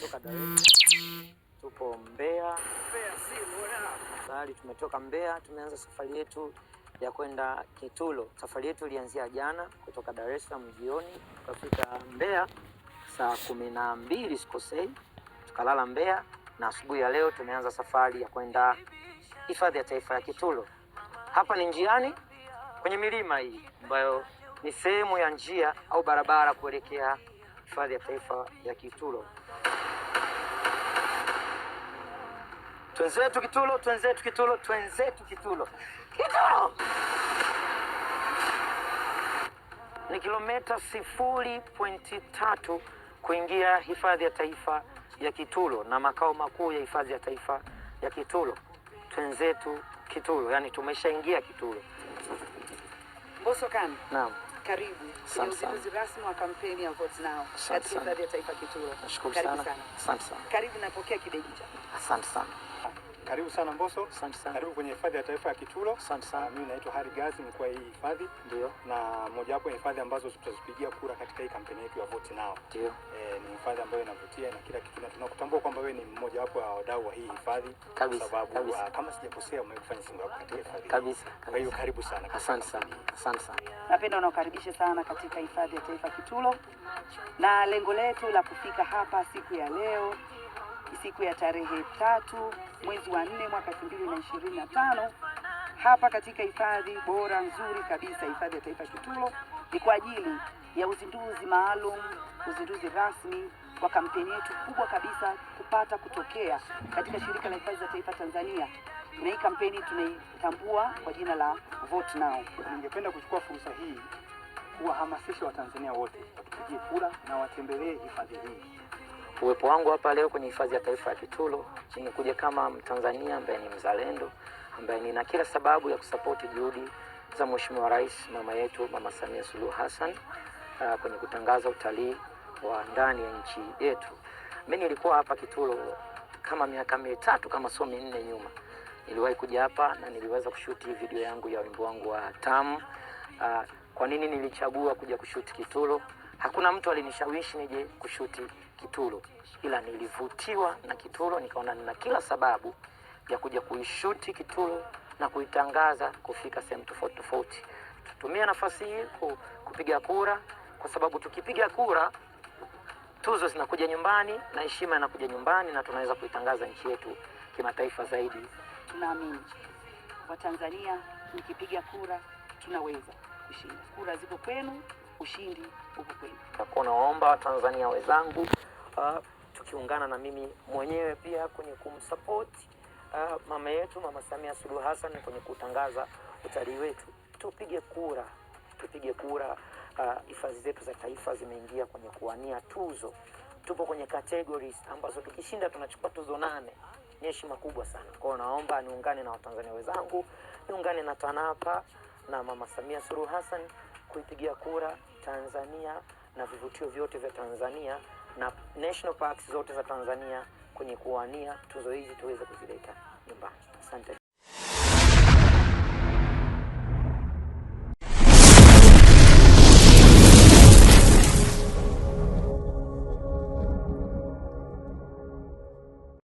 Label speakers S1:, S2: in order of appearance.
S1: tumetoka Dar es Salaam tupo Mbeya, tayari tumetoka Mbeya, tumeanza safari yetu ya kwenda Kitulo. Safari yetu ilianzia jana kutoka Dar es Salaam jioni, tukafika Mbeya saa kumi na mbili sikosei, tukalala Mbeya na asubuhi ya leo tumeanza safari ya kwenda hifadhi ya taifa ya Kitulo. Hapa ni njiani kwenye milima hii ambayo ni sehemu ya njia au barabara kuelekea hifadhi ya taifa ya Kitulo. Twenzetu Kitulo, twenzetu Kitulo, twenzetu Kitulo. Kitulo ni kilomita sifuri pointi tatu kuingia hifadhi ya taifa ya Kitulo na makao makuu ya hifadhi ya taifa ya Kitulo. Twenzetu Kitulo, yani tumeshaingia Kitulo.
S2: Mboso kani? Naam. Karibu
S3: ni
S2: rasmi wa kampeni ya Vote Now katika hifadhi ya taifa Kituro.
S3: Karibu sana.
S2: Karibu, napokea kibeji chako.
S3: Asante sana.
S4: Karibu sana Mbosso. Asante sana. Karibu kwenye hifadhi ya taifa ya Kitulo. Asante sana. Mimi naitwa Hari Gazi, mkuu wa hii hifadhi. Ndio. Na mojawapo ya hifadhi ambazo tutazipigia kura katika hii kampeni yetu ya Vote Now.
S3: Ndio. Eh,
S4: ni hifadhi ambayo inavutia na kila kitu na tunakutambua kwamba wewe ni mmoja wapo wa wadau wa hii hifadhi. Kabisa. Sababu kabisa. Uh, kama sijakosea umefanya singo yako katika hifadhi. Kabisa. Kwa hiyo karibu sana.
S3: Asante sana. Asante sana.
S2: Napenda unaokaribisha sana katika hifadhi ya taifa Kitulo. Na lengo letu la kufika hapa siku ya leo siku ya tarehe tatu mwezi wa nne mwaka tano hapa katika hifadhi bora nzuri kabisa, hifadhi ya taifa Kitulo, ni kwa ajili ya uzinduzi maalum, uzinduzi rasmi wa kampeni yetu kubwa kabisa kupata kutokea katika shirika la hifadhi za taifa Tanzania, na hii kampeni tunaitambua kwa jina la Vote Now.
S4: Ningependa kuchukua fursa hii kuwahamasisha Watanzania wote wapigie kura na watembelee hifadhi hii
S1: uwepo wangu hapa leo kwenye hifadhi ya taifa ya Kitulo nimekuja kama Mtanzania ambaye ni mzalendo ambaye nina kila sababu ya kusapoti juhudi za Mheshimiwa Rais mama yetu Mama Samia Suluhu Hassan uh, kwenye kutangaza utalii wa ndani ya nchi yetu. Mimi nilikuwa hapa Kitulo kama miaka mitatu kama sio minne nyuma, niliwahi kuja hapa na niliweza kushuti video yangu ya wimbo wangu wa Tamu. Uh, kwa nini nilichagua kuja kushuti Kitulo? Hakuna mtu alinishawishi nije kushuti kitulo ila nilivutiwa na kitulo nikaona nina kila sababu ya kuja kuishuti kitulo na kuitangaza kufika sehemu tofauti tofauti. Tutumia nafasi hii kupiga kura, kwa sababu tukipiga kura tuzo zinakuja nyumbani na heshima inakuja nyumbani, na tunaweza kuitangaza nchi yetu kimataifa zaidi.
S2: Tunaamini Watanzania, mkipiga kura tunaweza kushinda. Kura ziko kwenu ushindi huku kwetu.
S1: Kwa naomba Tanzania wenzangu uh, tukiungana na mimi mwenyewe pia kwenye kumsupport uh, mama yetu Mama Samia Suluhu Hassan kwenye kutangaza utalii wetu, tupige kura, tupige kura. Ah, hifadhi uh, zetu za taifa zimeingia kwenye kuwania tuzo, tupo kwenye categories ambazo tukishinda tunachukua tuzo nane. Ni heshima kubwa sana kwao. Naomba niungane na Watanzania wenzangu, niungane na TANAPA na Mama Samia Suluhu Hassan kuipigia kura Tanzania na vivutio vyote vya Tanzania na national parks zote za Tanzania kwenye kuwania tuzo hizi tuweze kuzileta nyumbani. Asante.